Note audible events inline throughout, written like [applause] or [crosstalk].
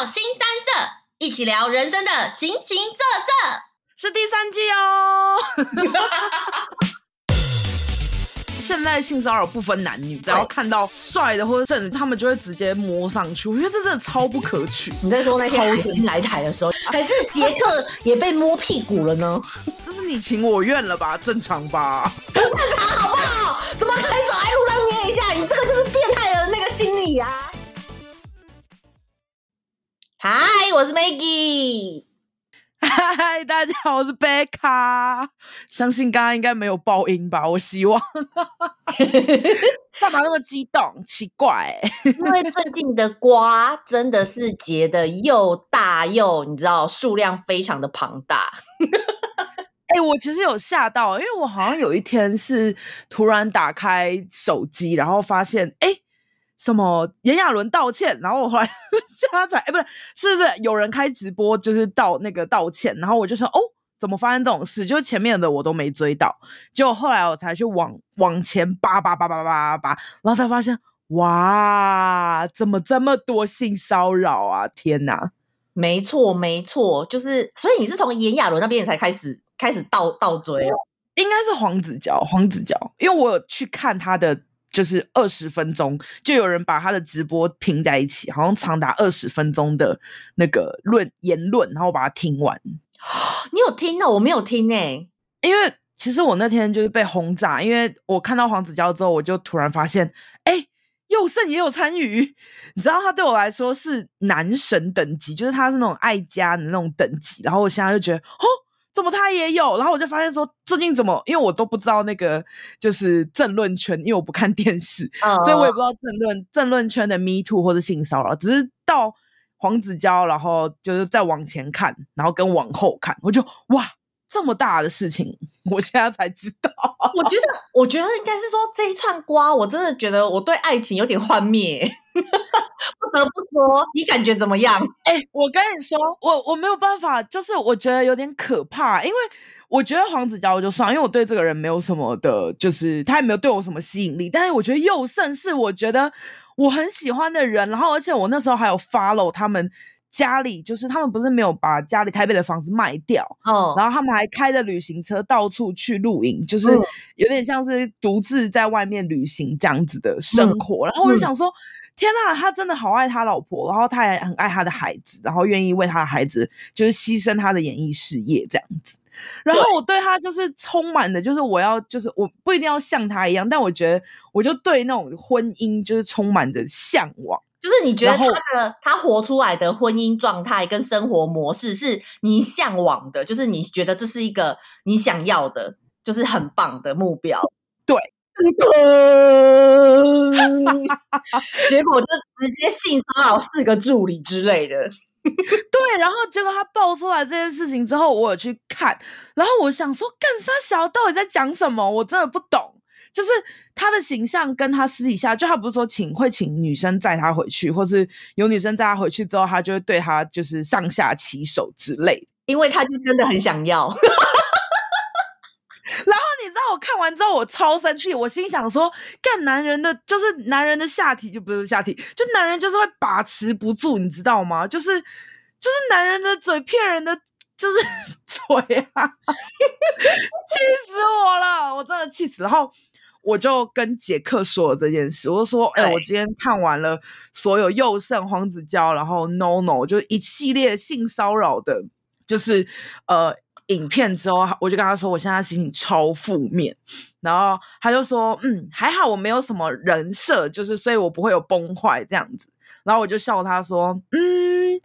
腥羶色一起聊人生的形形色色，是第三季哦。 [laughs] [laughs] 現在性騷擾不分男女，只要看到帥的或者正，他們就會直接摸上去，我覺得這真的超不可取。你在說那些超新來台的時候，深還是傑克也被摸屁股了呢？ [laughs] 這是你情我願了吧？正常吧？不正常好不好，好吧？嗨，Hi, 我是 Maggie。嗨，大家好，我是貝卡。相信剛剛應該沒有爆音吧？我希望。幹 [laughs] [laughs] 嘛那麼激動？奇怪， [laughs] 因為最近的瓜真的是結得又大又，你知道數量非常的龐大。哎、 [laughs] 欸，我其實有嚇到，因為我好像有一天是突然打開手機，然後發現，哎、欸。什麼炎亞綸道歉，然後我後來加載， [laughs] 哎，不是，是不是有人開直播，就是道那個道歉，然後我就說哦，怎麼發生這種事？就是前面的我都沒追到，結果後來我才去往往前扒扒扒扒扒扒，然後才發現哇，怎麼這麼多性騷擾啊！天哪，沒錯沒錯，就是所以你是從炎亞綸那邊才開始開始倒倒追哦，應該是黃子佼，黃子佼，因為我有去看他的。就是二十分鐘，就有人把他的直播拼在一起，好像長達二十分鐘的那個論言論，然後我把它聽完。你有聽呢、喔？我沒有聽誒、欸、因為其實我那天就是被轟炸，因為我看到黃子佼之後，我就突然發現，哎、欸，宥勝也有參與。你知道他對我來說是男神等級，就是他是那種愛家的那種等級，然後我現在就覺得，哦。怎麼他也有？然後我就發現說，最近怎麼？因為我都不知道那個就是政論圈，因為我不看電視，oh. 所以我也不知道政論政論圈的 Me Too 或者性騷擾。只是到黃子佼，然後就是再往前看，然後跟往後看，我就哇。這麼大的事情，我現在才知道。我覺得，我覺得應該是說這一串瓜，我真的覺得我對愛情有點幻滅。 [laughs] 不得不說， [laughs] 你感覺怎麼樣？哎、欸，我跟你說，我我沒有辦法，就是我覺得有點可怕，因為我覺得黃子佼就算，因為我對這個人沒有什麼的，就是他也沒有對我什麼吸引力。但是我覺得宥勝是我覺得我很喜歡的人，然後而且我那時候還有 follow 他們。家裡就是他們不是沒有把家裡台北的房子賣掉，哦、嗯，然後他們還開着旅行車到處去露營，就是有點像是獨自在外面旅行這樣子的生活。嗯、然後我就想說，嗯、天吶，他真的好愛他老婆，然後他也很愛他的孩子，然後願意為他的孩子就是犧牲他的演藝事業這樣子。然後我對他就是充滿的，就是我要，就是我不一定要像他一樣，但我覺得我就對那種婚姻就是充滿的向往。就是你覺得他的後他活出來的婚姻狀態跟生活模式是你向往的，就是你覺得這是一個你想要的，就是很棒的目標。對， [laughs] [laughs] 結果就直接性騷擾四個助理之類的。 [laughs] 對，然後結果他爆出來這件事情之後，我有去看，然後我想說，幹三小到底在講什麼？我真的不懂。就是他的形象跟他私底下，就他不是說請會請女生載他回去，或是有女生載他回去之後，他就會對他就是上下其手之類，因為他就真的很想要。 [laughs] [laughs] 然後你知道我看完之後我超生氣，我心想說，幹男人的就是男人的下體就不是下體，就男人就是會把持不住，你知道嗎？就是就是男人的嘴騙人的就是嘴啊，氣 [laughs] 死我了，我真的氣死。然後。我就跟杰克說了這件事，我就說：“哎、欸，對我今天看完了所有《宥勝黃子佼》，然後 Nono，就一系列性騷擾的，就是呃，影片之後，我就跟他說，我現在心情超負面。然後他就說：嗯，還好我沒有什麼人設，就是，所以我不會有崩壞這樣子。然後我就笑他說：嗯，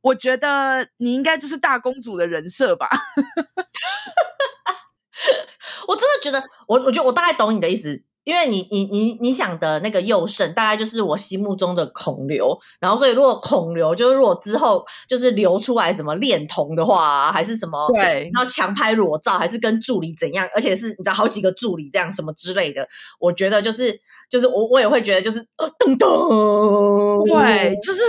我覺得你應該就是大公主的人設吧。 [laughs] ” [laughs] 我真的覺得，我我覺得我大概懂你的意思，因為你你你你想的那個宥勝大概就是我心目中的孔劉然後所以如果孔劉就是如果之後就是流出來什麼戀童的話、啊，還是什麼對，然後強拍裸照，還是跟助理怎樣，而且是你知道好幾個助理這樣什麼之類的，我覺得就是就是我我也會覺得就是呃噔噔對，就是。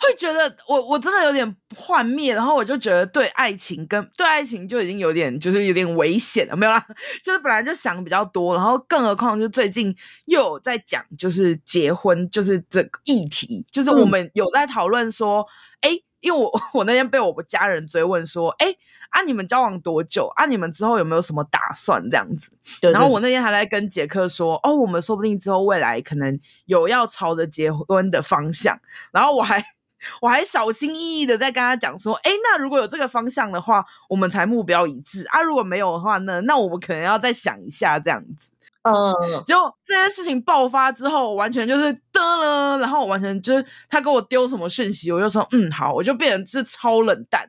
會覺得我我真的有點幻滅，然後我就覺得對愛情跟對愛情就已經有點就是有點危險了，沒有啦，就是本來就想的比較多，然後更何況就最近又有在講就是結婚就是這個議題，就是我們有在討論說，哎、嗯，因為我我那天被我家人追問說，哎啊你們交往多久啊？你們之後有沒有什麼打算這樣子？對對然後我那天還在跟杰克說，哦，我們說不定之後未來可能有要朝着結婚的方向，然後我還。我還小心翼翼的在跟他講說，哎，那如果有這個方向的話，我們才目標一致啊。如果沒有的話呢，那我們可能要再想一下這樣子。嗯,嗯，結果這件事情爆發之後，完全就是的了，然後我完全就是他給我丟什麼訊息，我就說嗯好，我就變成是超冷淡。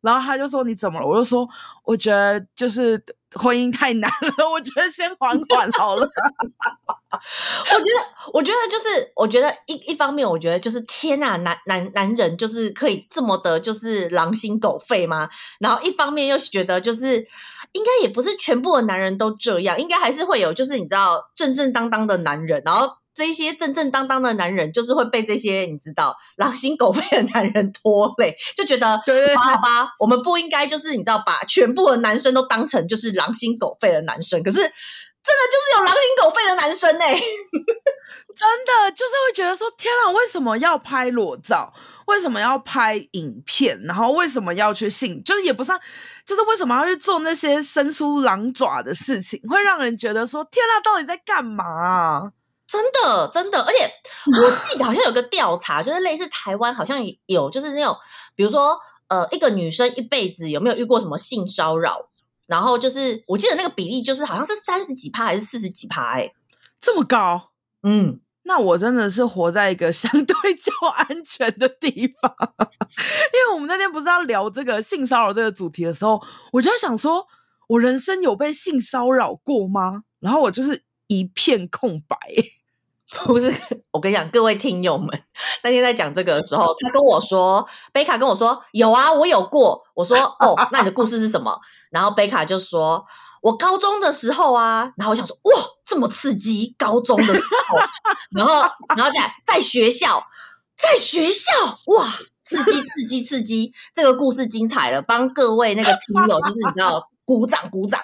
然後他就說你怎麼了，我就說我覺得就是。婚姻太難了，我覺得先緩緩好了。 [laughs] 我覺得，我覺得就是，我覺得一一方面，我覺得就是，天吶，男男男人就是可以這麼的，就是狼心狗肺嗎？然後一方面又覺得就是，應該也不是全部的男人都這樣，應該還是會有，就是你知道正正當當的男人，然後。這些正正當當的男人，就是會被這些你知道狼心狗肺的男人拖累，就覺得好吧，吧，吧我們不應該就是你知道把全部的男生都當成就是狼心狗肺的男生，可是真的就是有狼心狗肺的男生呢、欸， [laughs] 真的就是會覺得說天哪、啊，為什麼要拍裸照？為什麼要拍影片？然後為什麼要去性？就是也不算，就是為什麼要去做那些伸出狼爪的事情？會讓人覺得說天哪、啊，到底在幹嘛、啊？真的，真的，而且我記得好像有個調查， [laughs] 就是類似台灣好像有，就是那種，比如說，呃，一個女生一輩子有沒有遇過什麼性騷擾？然後就是我記得那個比例就是好像是三十幾趴還是四十幾趴，哎、欸，這麼高？嗯，那我真的是活在一個相對較安全的地方。 [laughs] 因為我們那天不是要聊這個性騷擾這個主題的時候，我就在想說我人生有被性騷擾過嗎？然後我就是。一片空白，不是我跟你講，各位聽友們，那天在講這個的時候，他跟我說，貝卡跟我說有啊，我有過。我說哦，那你的故事是什麼？然後貝卡就說，我高中的時候啊，然後我想說，哇，這麼刺激，高中的時候，然後然後在在學校，在學校，哇，刺激，刺激，刺激，這個故事精彩了，幫各位那個聽友，就是你知道鼓掌鼓掌，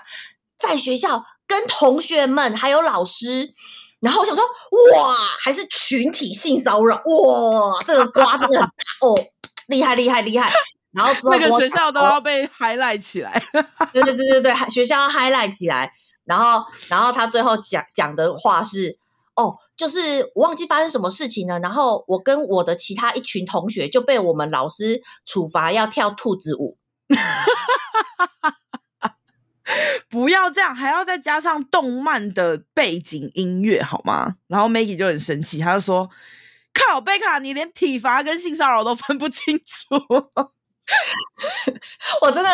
在學校。跟同學們還有老師，然後我想說，哇，還是群體性騷擾，哇，這個瓜真的很大 [laughs] 哦，厲害厲害厲害！然後，後那個學校都要被 highlight 起來 [laughs] 哦，對對對對對，學校要 highlight 起來。然後然後他最後講講的話是，哦，就是我忘記發生什麼事情了。然後我跟我的其他一群同學就被我們老師處罰要跳兔子舞。 [laughs] 不要這樣，還要再加上動漫的背景音樂，好嗎？然後 Maggie 就很生氣，他就說：“靠，貝卡，你連體罰跟性騷擾都分不清楚， [laughs] 我真的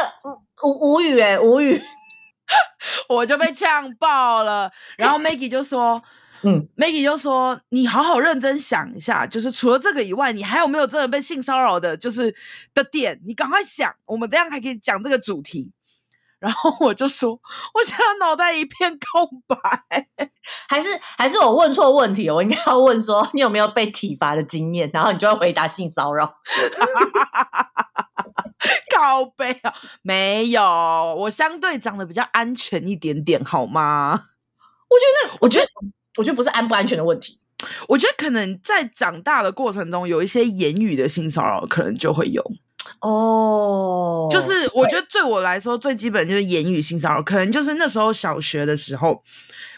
無無語誒、欸，無語， [laughs] 我就被嗆爆了。”然後 Maggie 就說：“嗯，Maggie 就說，你好好認真想一下，就是除了這個以外，你還有沒有真的被性騷擾的，就是的點？你趕快想，我們這樣還可以講這個主題。”然後我就說，我現在腦袋一片空白，還是還是我問錯問題？我應該要問說，你有沒有被體罰的經驗？然後你就會回答性騷擾。 [laughs] [laughs] 靠北啊，沒有，我相對長得比較安全一點點，好嗎？我覺得我覺得我覺得我不是安不安全的問題，我覺得可能在長大的過程中，有一些言語的性騷擾，可能就會有。哦，oh, 就是我覺得對我來說最基本就是言語性騷擾，可能就是那時候小學的時候，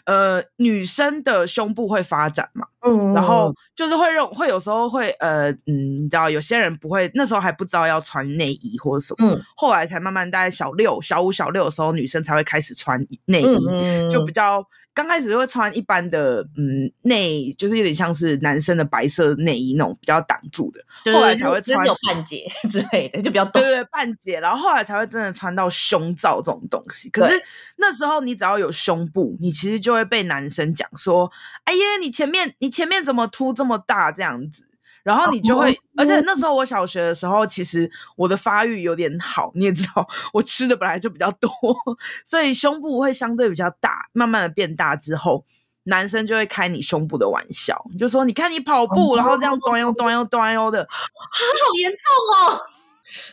呃，女生的胸部會發展嘛，嗯、mm，hmm. 然後就是會用會有時候會呃嗯，你知道有些人不會，那時候還不知道要穿內衣或者什麼，mm hmm. 後來才慢慢大概小六、小五、小六的時候，女生才會開始穿內衣，mm hmm. 就比較。剛開始就會穿一般的，嗯，內就是有點像是男生的白色內衣那種比較擋住的，對對，後來才會穿這種半截之類的，就比較短對對半截，然後後來才會真的穿到胸罩這種東西。可是那時候你只要有胸部，你其實就會被男生講說：“對哎耶，你前面你前面怎麼凸這麼大這樣子？”然後你就會，而且那時候我小學的時候，其實我的發育有點好，你也知道，我吃的本來就比較多，所以胸部會相對比較大。慢慢的變大之後，男生就會開你胸部的玩笑，就說你看你跑步，然後這樣端喲端喲端喲的，好嚴重哦！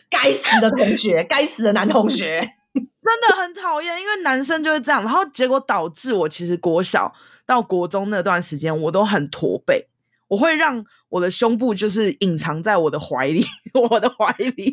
該死的同學，該死的男同學，真的很討厭，因為男生就會這樣，然後結果導致我其實國小到國中那段時間，我都很駝背，我會讓。我的胸部就是隱藏在我的懷裡，我的懷裡， [laughs]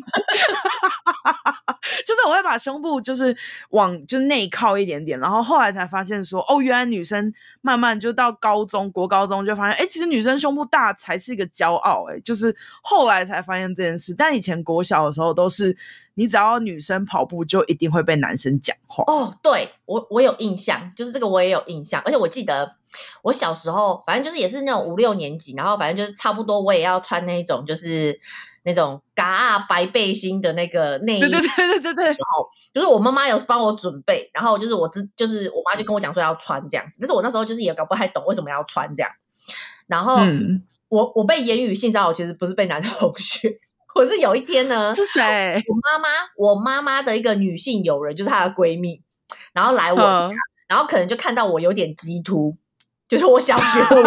就是我會把胸部就是往就內靠一點點，然後後來才發現說，哦，原來女生慢慢就到高中國高中就發現，哎、欸，其實女生胸部大才是一個驕傲，欸，哎，就是後來才發現這件事。但以前國小的時候都是，你只要女生跑步，就一定會被男生講話。哦，對，我，我有印象，就是這個我也有印象，而且我記得。我小時候，反正就是也是那種五六年級，然後反正就是差不多，我也要穿那種就是那種嘎啊白背心的那個內衣。對對對對對。時候，就是我媽媽有幫我準備，然後就是我這就是我媽就跟我講說要穿這樣子，但是我那時候就是也搞不太懂為什麼要穿這樣。然後、嗯、我我被言語性騷擾，我其實不是被男同學，我是有一天呢，是誰誰？我媽媽，我媽媽的一個女性友人，就是她的閨蜜，然後來我家，oh. 然後可能就看到我有點激凸。就是我小學我，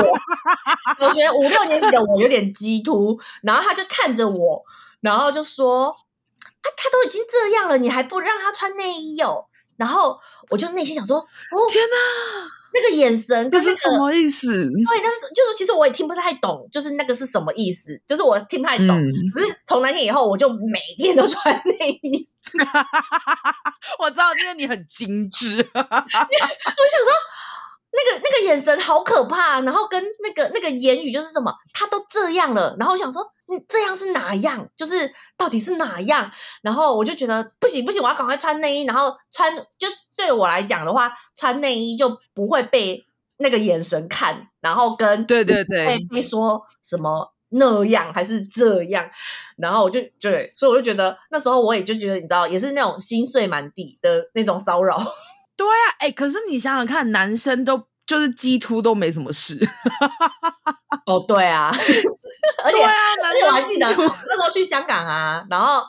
我覺得 [laughs] 五六年級的我有點激突，然後他就看着我，然後就說：“啊，他都已經這樣了，你還不讓他穿內衣哦？”然後我就內心想說：“哦，天哪，啊，那個眼神，這是什麼意思？”哎，呃，但是就是其實我也聽不太懂，就是那個是什麼意思？就是我聽不太懂。可，嗯、是從那天以後，我就每一天都穿內衣。 [laughs] [laughs] 我知道，因為你很精致。 [laughs] [laughs] 我想說。那個那個眼神好可怕，然後跟那個那個言語就是什麼，他都這樣了，然後我想說這樣是哪樣，就是到底是哪樣，然後我就覺得不行不行，我要趕快穿內衣，然後穿，就對我來講的話，穿內衣就不會被那個眼神看，然後跟對對對，會一說什麼那樣還是這樣，然後我就對，所以我就覺得那時候我也就覺得你知道，也是那種心碎滿地的那種騷擾。對啊，哎、欸，可是你想想看，男生都就是激凸都沒什麼事。 [laughs] 哦，對啊， [laughs] 而且對啊，男而且我還記得 [laughs] 那時候去香港啊，然後，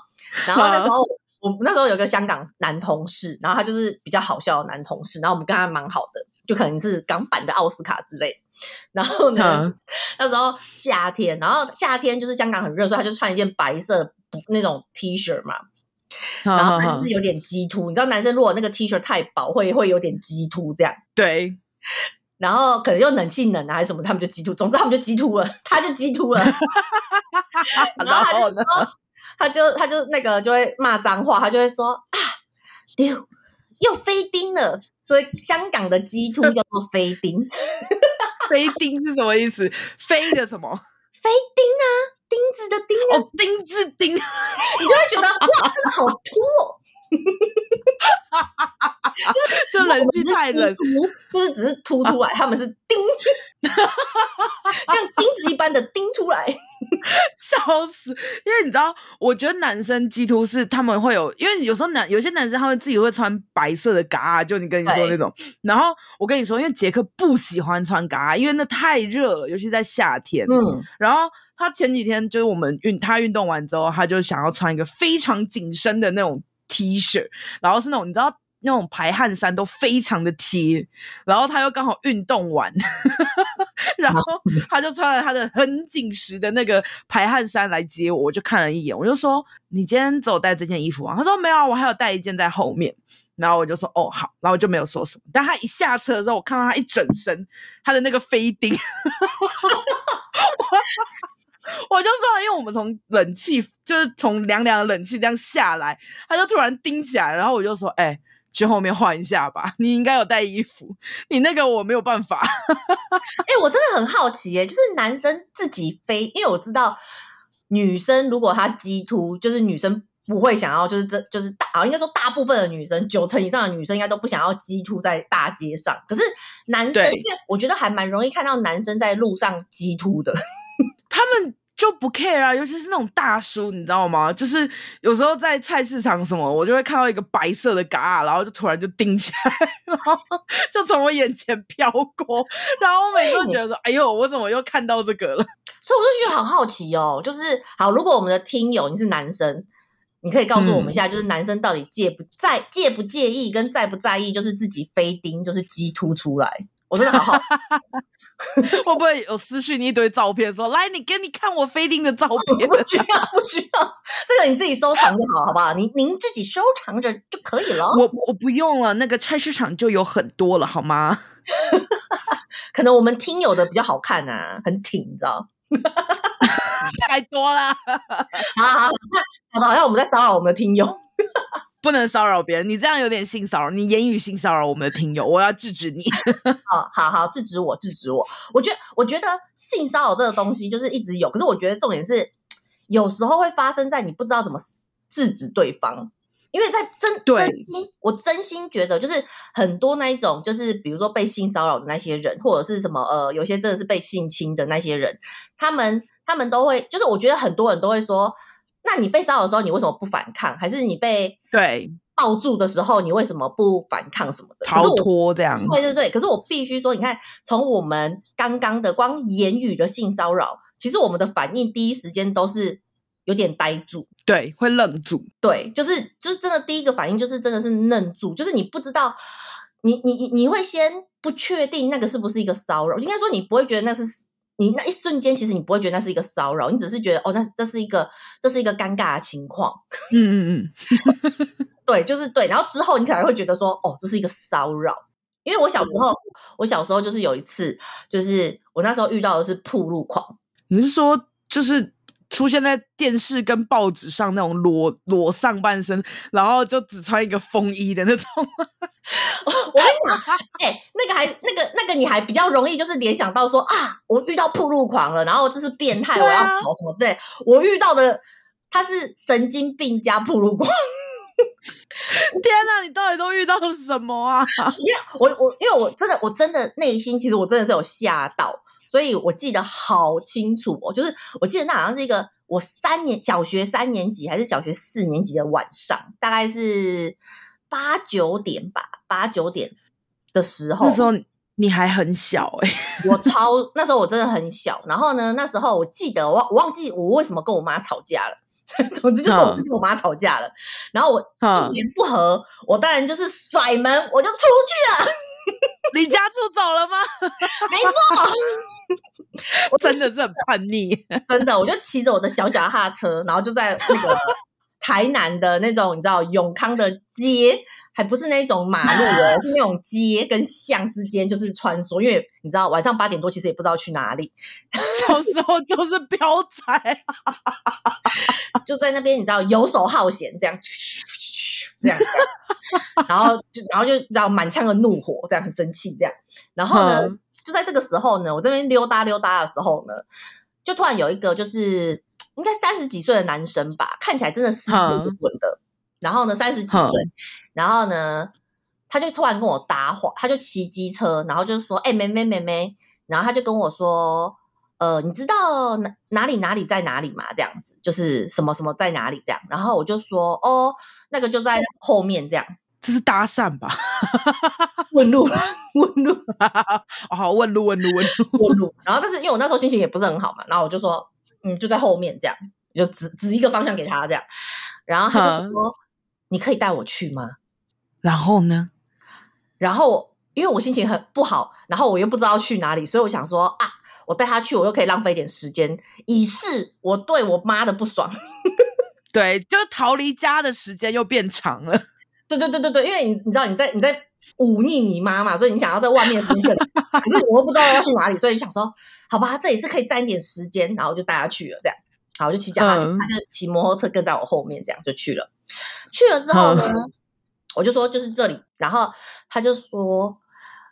然後那時候、啊、我那時候有個香港男同事，然後他就是比較好笑的男同事，然後我們跟他蠻好的，就可能是港版的奧斯卡之類的。然後呢，啊、那時候夏天，然後夏天就是香港很熱，所以他就穿一件白色那種 T 恤嘛。然後他就是有點激凸，oh, 你知道男生如果那個 T 恤太薄，會會有點激凸這樣。對，然後可能又冷氣冷啊，還是什麼，他們就激凸，總之他們就激凸了，他就激凸了。 [laughs] 然,後然後呢，他就他就那個就會罵髒話，他就會說啊丟又飛釘了，所以香港的激凸叫做飛釘。 [laughs] 飛釘是什麼意思？飛的什麼？飛釘啊。釘子的釘、啊、哦，釘子釘，你就會覺得 [laughs] 哇，這、那個好凸、哦，就 [laughs] [laughs] 就冷氣太冷，不是只是凸出來，他們是釘，像釘子一般的釘出來，笑死！ [laughs] [laughs] 因為你知道，我覺得男生 G 突是他們會有，因為有時候男有些男生他們自己會穿白色的嘎、啊，就你跟你說那種。對然後我跟你說，因為杰克不喜歡穿嘎，因為那太熱了，尤其在夏天。嗯、然後。他前幾天就是我們運他運動完之後，他就想要穿一個非常緊身的那種 T 恤，然後是那種你知道那種排汗衫都非常的貼，然後他又剛好運動完， [laughs] 然後他就穿了他的很緊實的那個排汗衫來接我，我就看了一眼，我就說你今天只有帶這件衣服啊？他說沒有啊，我還有帶一件在後面。然後我就說哦好，然後我就沒有說什麼。但他一下車的時候，我看到他一整身他的那個飛釘。 [laughs] 我就說，因為我們從冷氣就是從涼涼的冷氣這樣下來，他就突然叮起來，然後我就說：“哎、欸，去後面換一下吧。”你應該有帶衣服，你那個我沒有辦法。哎、 [laughs] 欸，我真的很好奇、欸，哎，就是男生自己飛，因為我知道女生如果她激凸，就是女生不會想要，就是這就是大，應該說大部分的女生，九成以上的女生應該都不想要激凸在大街上。可是男生，因為我覺得還蠻容易看到男生在路上激凸的，對 [laughs] 他們。就不 care 啊，尤其是那種大叔，你知道嗎？就是有時候在菜市場什麼，我就會看到一個白色的嘎，然後就突然就頂起來，然後就從我眼前飄過，然後我每次都覺得說“哎呦，我怎麼又看到這個了？”所以我就覺得很好奇哦。就是好，如果我們的聽友你是男生，你可以告訴我們一下，嗯、就是男生到底介不在介不介意跟在不在意，就是自己非釘就是雞突出來，我真的很好奇。 [laughs] 會 [laughs] 不會有私訊你一堆照片，說，來你給你看我飛丁的照片，啊？不需要，不需要，這個你自己收藏就好， [laughs] 好不好？您您自己收藏着就可以了。我我不用了，那個菜市場就有很多了，好嗎？ [laughs] [laughs] 可能我們聽友的比較好看啊，很挺，你知道。 [laughs] 太多了 [laughs] 好好好，好好，好像我們在騷擾我們的聽友， [laughs] 不能騷擾別人。你這樣有點性騷擾，你言語性騷擾我們的聽友，我要制止你。哈、 [laughs] 哦，好好，制止我，制止我。我覺得，我覺得性騷擾這個東西就是一直有，可是我覺得重點是有時候會發生在你不知道怎麼制止對方。因為在真對真心，我真心覺得，就是很多那一種，就是比如說被性騷擾的那些人，或者是什麼呃，有些真的是被性侵的那些人，他們他們都會，就是我覺得很多人都會說，那你被騷擾的時候，你為什麼不反抗？還是你被對抱住的時候，你為什麼不反抗什麼的？逃脫對這樣？對對對，可是我必須說，你看從我們剛剛的光言語的性騷擾，其實我們的反應第一時間都是。有點呆住，對，會愣住，對，就是就是真的，第一個反應就是真的是愣住，就是你不知道，你你你會先不確定那個是不是一個騷擾，應該說你不會覺得那是你那一瞬間，其實你不會覺得那是一個騷擾，你只是覺得哦，那這是一個這是一個尷尬的情況，嗯嗯嗯， [laughs] [laughs] 對，就是對，然後之後你可能會覺得說哦，這是一個騷擾，因為我小時候， [laughs] 我小時候就是有一次，就是我那時候遇到的是暴露狂，你是說就是。出現在電視跟報紙上那種裸裸上半身，然後就只穿一個風衣的那種。我還想，哎、 [laughs] 欸，那個還那個那個你還比較容易就是聯想到說啊，我遇到暴露狂了，然後這是變態，啊、我要跑什麼之類。我遇到的他是神經病加暴露狂。 [laughs] 天哪、啊，你到底都遇到了什麼啊？因為， [laughs] 我我因為我真的我真的內心其實我真的是有嚇到。所以，我記得好清楚哦，就是我記得那好像是一個我三年小學三年級還是小學四年級的晚上，大概是八九點吧，八九點的時候。那時候你還很小哎、欸， [laughs] 我超那時候我真的很小。然後呢，那時候我記得我我忘記我為什麼跟我媽吵架了，總之就是我跟我媽吵架了。然後我一言不合， [laughs] 我當然就是甩門，我就出去了。 [laughs] 離家出走了嗎？沒錯，我真的是很叛逆， [laughs] 真的，我就騎着我的小腳踏車，然後就在那個台南的那種，你知道永康的街，還不是那種馬路的，是那種街跟巷之間，就是穿梭，因為你知道晚上八點多，其實也不知道去哪裡。小時候就是飆仔，就在那邊，你知道游手好閒這樣。 [laughs] 這樣，然後就然後就，然後，就然後滿腔的怒火，這樣很生氣，這樣。然後呢，嗯、就在這個時候呢，我這邊溜達溜達的時候呢，就突然有一個就是應該三十幾歲的男生吧，看起來真的斯斯文文的。嗯、然後呢，三十幾歲，嗯、然後呢，他就突然跟我搭話，他就騎機車，然後就說：“哎、欸，妹妹，妹妹，妹」，然後他就跟我說。呃，你知道哪哪裡哪裡在哪裡嗎？這樣子就是什麼什麼在哪裡這樣。然後我就說，哦，那個就在後面這樣。這是搭訕吧 [laughs] 問路，問路、 [laughs] 哦？問路，問路，哦，問路，問路，問路，問路。然後，但是因為我那時候心情也不是很好嘛，然後我就說，嗯，就在後面這樣，就指指一個方向給他這樣。然後他就說，嗯、你可以帶我去嗎？然後呢？然後因為我心情很不好，然後我又不知道去哪裡，所以我想說啊。我帶他去，我又可以浪費點時間，以示我對我媽的不爽。 [laughs] 對，就逃離家的時間又變長了。對 [laughs] 對對對對，因為你你知道你在你在忤逆你媽嘛，所以你想要在外面生存， [laughs] 可是我又不知道要去哪裡，所以想說好吧，這也是可以佔點時間，然後就帶他去了。這樣，好，我就騎腳踏車，嗯、他就騎摩托車跟在我後面，這樣就去了。去了之後呢，好好我就說就是這裡，然後他就說，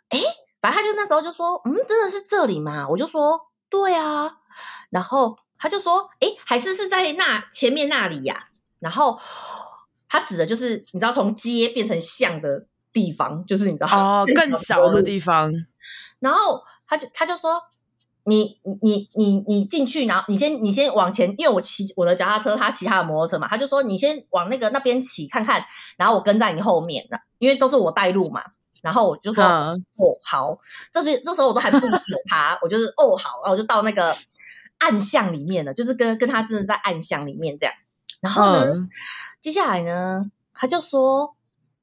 哎、欸。反正他就那時候就說：“嗯，真的是這裡嗎？”我就說：“對啊。”然後他就說：“誒，還是是在那前面那裡呀。”然後他指的就是你知道從街變成巷的地方，就是你知道哦更小的地方。 [laughs] 然後他就他就說：“你你你你進去，然後你先你先往前，因為我騎我的腳踏車，他騎他的摩托車嘛，他就說你先往那個那邊騎看看，然後我跟在你後面，因為都是我帶路嘛。”然後我就說、uh. 哦，好，這時這時候我都還不理他， [laughs] 我就是哦好，然後我就到那個暗巷裡面了，就是跟跟他真的在暗巷裡面這樣。然後呢，uh. 接下來呢，他就說，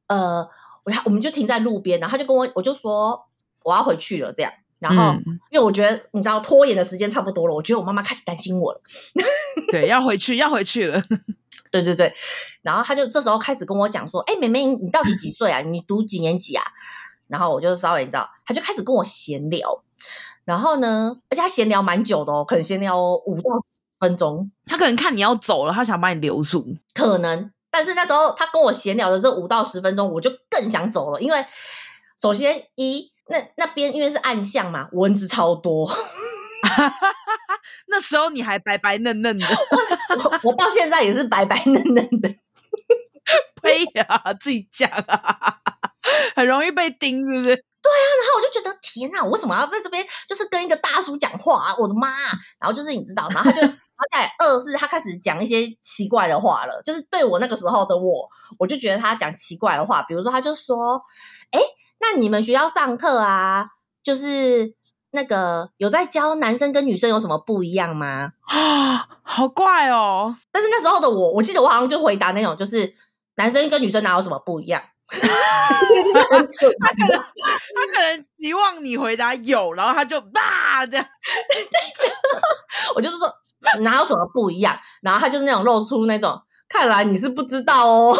呃，我我們就停在路邊，然後他就跟我我就說我要回去了這樣。然後、嗯、因為我覺得你知道拖延的時間差不多了，我覺得我媽媽開始擔心我了， [laughs] 對，要回去要回去了。對對對，然後他就這時候開始跟我講說：“哎，妹妹，你到底幾歲啊？你讀幾年級啊？”然後我就稍微知道，他就開始跟我閒聊。然後呢，而且他閒聊蠻久的哦，可能閒聊五到十分鐘。他可能看你要走了，他想把你留住。可能，但是那時候他跟我閒聊的這五到十分鐘，我就更想走了，因為首先一那那邊因為是暗巷嘛，蚊子超多。 [laughs] 那時候你還白白嫩嫩的，我我，我到現在也是白白嫩嫩的。 [laughs] [laughs] 呸呀、啊，自己講、啊，很容易被盯是不是？對啊，然後我就覺得，天哪，我為什麼要在這邊，就是跟一個大叔講話、啊？我的媽、啊！然後就是你知道，然後他就，他 [laughs] 在二是他開始講一些奇怪的話了，就是對我那個時候的我，我就覺得他講奇怪的話，比如說他就說，哎，那你們學校上課啊，就是。那個有在教男生跟女生有什麼不一樣嗎？啊，好怪哦！但是那時候的我，我記得我好像就回答那種，就是男生跟女生哪有什麼不一樣。啊、 [laughs] 的他可能他可能希望你,你回答有，然後他就罵的。啊、這樣 [laughs] 我就是說哪有什麼不一樣，然後他就是那種露出那種，看來你是不知道哦。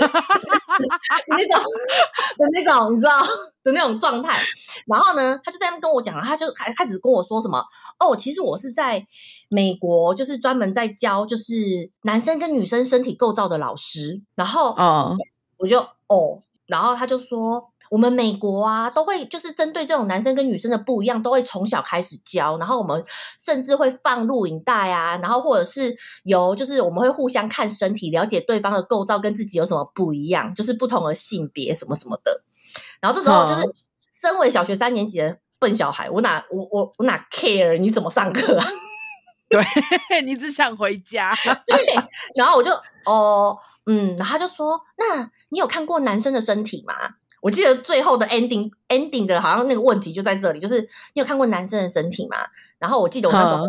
哈哈哈哈哈！ [laughs] [laughs] 那種 [laughs] 的那種你知道的那種狀態，然後呢，他就在那邊跟我講，他就開開始跟我說什麼哦，其實我是在美國，就是專門在教就是男生跟女生身體構造的老師，然後哦，我就、oh. 哦，然後他就說。我們美國啊，都會就是針對這種男生跟女生的不一樣，都會從小開始教。然後我們甚至會放錄影帶啊，然後或者是由就是我們會互相看身體，了解對方的構造跟自己有什麼不一樣，就是不同的性別什麼什麼的。然後這時候就是身為小學三年級的笨小孩，哦、我哪我我我哪 care 你怎麼上課啊？對，你只想回家。 [laughs] 然後我就哦嗯，然後他就說：那你有看過男生的身體嗎？我記得最後的 ending ending 的好像那個問題就在這裡，就是你有看過男生的身體嗎？然後我記得我那時候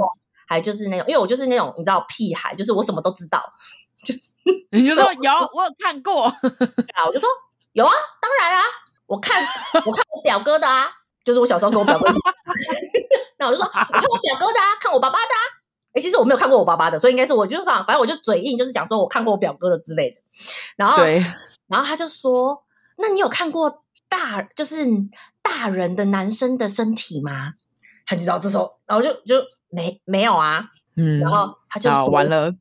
還就是那種，嗯、因為我就是那種你知道屁孩，就是我什麼都知道，就是你就說有， [laughs] 我，我有看過啊，我就說有啊，當然啊，我看我看我表哥的啊， [laughs] 就是我小時候跟我表哥，那 [laughs] 我就說我看我表哥的，啊，看我爸爸的、啊，誒、欸、其實我沒有看過我爸爸的，所以應該是我就是這樣，反正我就嘴硬，就是講說我看過我表哥的之類的，然後對然後他就說。那你有看過大就是大人的男生的身體嗎？他就知道這時候，然後就就沒沒有啊，嗯，然後他就說、啊、完了。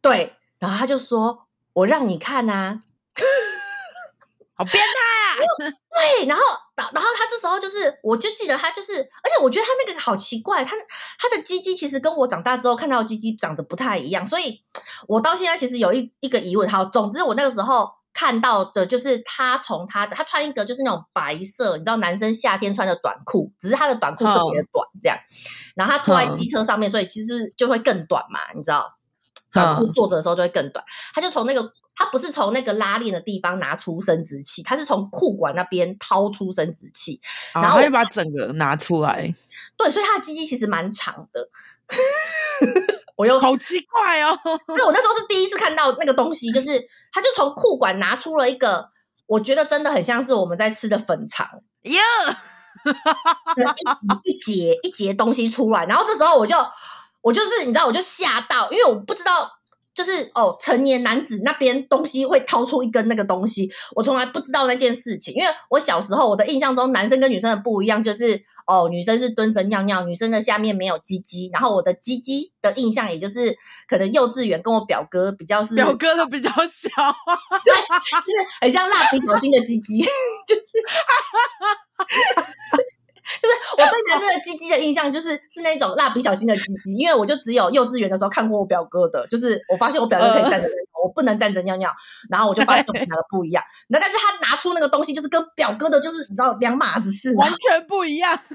對，然後他就說：“我讓你看吶、啊。 [laughs] ”好變態啊！ [laughs] 對，然後，然後他這時候就是，我就記得他就是，而且我覺得他那個好奇怪，他他的雞雞其實跟我長大之後看到的雞雞長得不太一樣，所以我到現在其實有一一個疑問。哈，總之我那個時候。看到的就是他從他的他穿一個就是那種白色，你知道男生夏天穿的短褲，只是他的短褲特別短這樣。Oh. 然後他坐在機車上面，所以其實就會更短嘛，你知道，oh. 短褲坐着的時候就會更短。他就從那個他不是從那個拉鏈的地方拿出生殖器，他是從褲管那邊掏出生殖器，oh, 然後他他就把整個拿出來。對，所以他的雞雞其實蠻長的。 [laughs] 我又好奇怪哦，那我那時候是第一次看到那個東西，就是他就從褲管拿出了一個，我覺得真的很像是我們在吃的粉腸，喲，一節一節東西出來，然後這時候我就我就是你知道我就嚇到，因為我不知道。就是哦，成年男子那邊東西會掏出一根那個東西，我從來不知道那件事情，因為我小時候我的印象中男生跟女生的不一樣，就是哦，女生是蹲着尿尿，女生的下面沒有雞雞，然後我的雞雞的印象也就是可能幼稚園跟我表哥比較是表哥的比較小，對， [laughs] 就是很像蠟筆小新的雞雞，就是。哈哈哈。就是我對男生的雞雞的印象，就是是那種蠟筆小新的雞雞，因為我就只有幼稚園的時候看過我表哥的，就是我發現我表哥可以站着，呃、我不能站着尿尿，然後我就把現西他的不一樣，那嘿嘿 但是他拿出那個東西，就是跟表哥的，就是你知道兩碼子事，完全不一樣。 [laughs]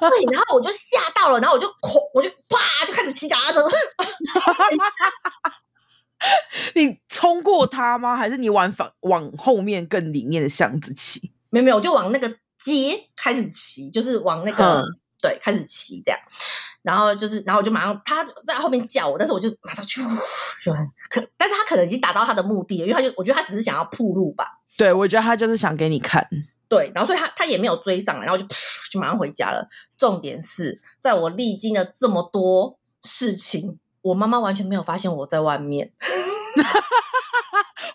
對，然後我就嚇到了，然後我就狂，我就啪就開始騎腳，他 [laughs] 說， [laughs] 你衝過他嗎？還是你往反往後面更裡面的巷子騎？沒有沒有，我就往那個。接開始騎，就是往那個、嗯、對開始騎這樣，然後就是然後我就馬上他在後面叫我，但是我就馬上去呼呼就很可，但是他可能已經達到他的目的了，因為他就我覺得他只是想要曝露吧。對，我覺得他就是想給你看。對，然後所以他他也沒有追上來，然後就就馬上回家了。重點是在我歷經了這麼多事情，我媽媽完全沒有發現我在外面。 [laughs] [laughs]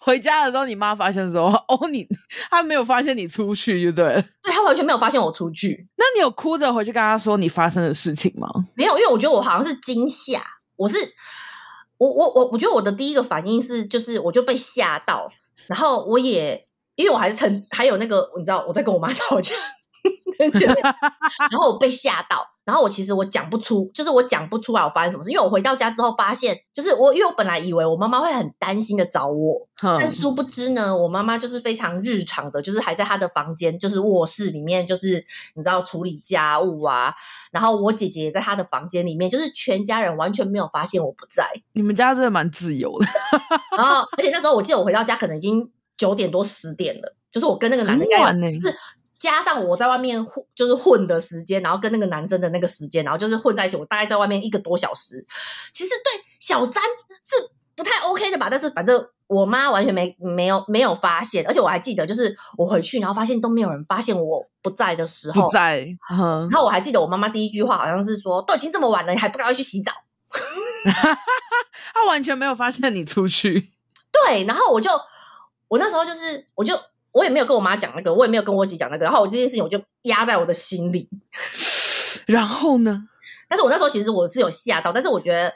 回家的時候，你媽發現的時候，哦，你，她沒有發現你出去就對，對不對？對，她完全沒有發現我出去。那你有哭着回去跟她說你發生的事情嗎？沒有，因為我覺得我好像是驚嚇，我是我我我，我覺得我的第一個反應是，就是我就被嚇到，然後我也因為我還是曾，還有那個你知道我在跟我媽吵架， [laughs] 就是，然後我被嚇到。然後我其實我講不出，就是我講不出來我發生什麼事，因為我回到家之後發現，就是我因為我本來以為我媽媽會很擔心的找我，但殊不知呢，我媽媽就是非常日常的，就是還在她的房間，就是臥室裡面，就是你知道處理家務啊。然後我姐姐也在她的房間裡面，就是全家人完全沒有發現我不在。你們家真的蠻自由的。 [laughs] 然後，而且那時候我記得我回到家可能已經九點多十點了，就是我跟那個男的應該玩加上我在外面混，就是混的時間，然後跟那個男生的那個時間，然後就是混在一起。我大概在外面一個多小時，其實對小三是不太 OK 的吧。但是反正我媽完全沒沒有沒有發現，而且我還記得，就是我回去，然後發現都沒有人發現我不在的時候。不在。然後我還記得我媽媽第一句話好像是說：“都已經這麼晚了，你還不趕快去洗澡？”她 [laughs] [laughs] 完全沒有發現你出去。對，然後我就我那時候就是我就。我也沒有跟我媽講那個，我也沒有跟我姐講那個，然後我這件事情我就壓在我的心裡。 [laughs] 然後呢？但是我那時候其實我是有嚇到，但是我覺得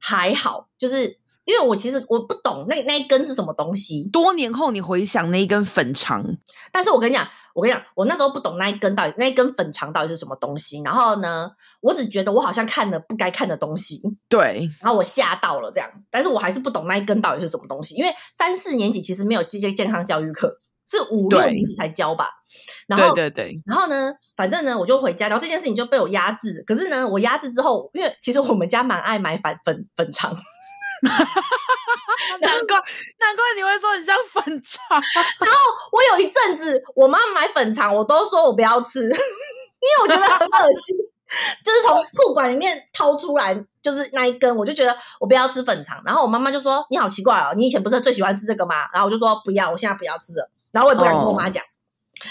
還好，就是因為我其實我不懂那，那一根是什麼東西。多年後你回想那一根粉腸，但是我跟你講，我跟你講，我那時候不懂那一根到底，那一根粉腸到底是什麼東西。然後呢，我只覺得我好像看了不該看的東西。對。然後我嚇到了這樣，但是我還是不懂那一根到底是什麼東西，因為三四年級其實沒有這些健康教育課。是五六年級才教吧，對然後對,對對，然後呢，反正呢，我就回家，然後這件事情就被我壓制。可是呢，我壓制之後，因為其實我們家蠻愛買粉粉粉腸， [laughs] 難怪 [laughs] 後難怪你會說你像粉腸。然後我有一陣子，我媽買粉腸，我都說我不要吃，因為我覺得很噁心， [laughs] 就是從褲管裡面掏出來，就是那一根，我就覺得我不要吃粉腸。然後我媽媽就說：“你好奇怪哦，你以前不是最喜歡吃這個嗎？”然後我就說：“不要，我現在不要吃了。”然後我也不敢跟我媽講，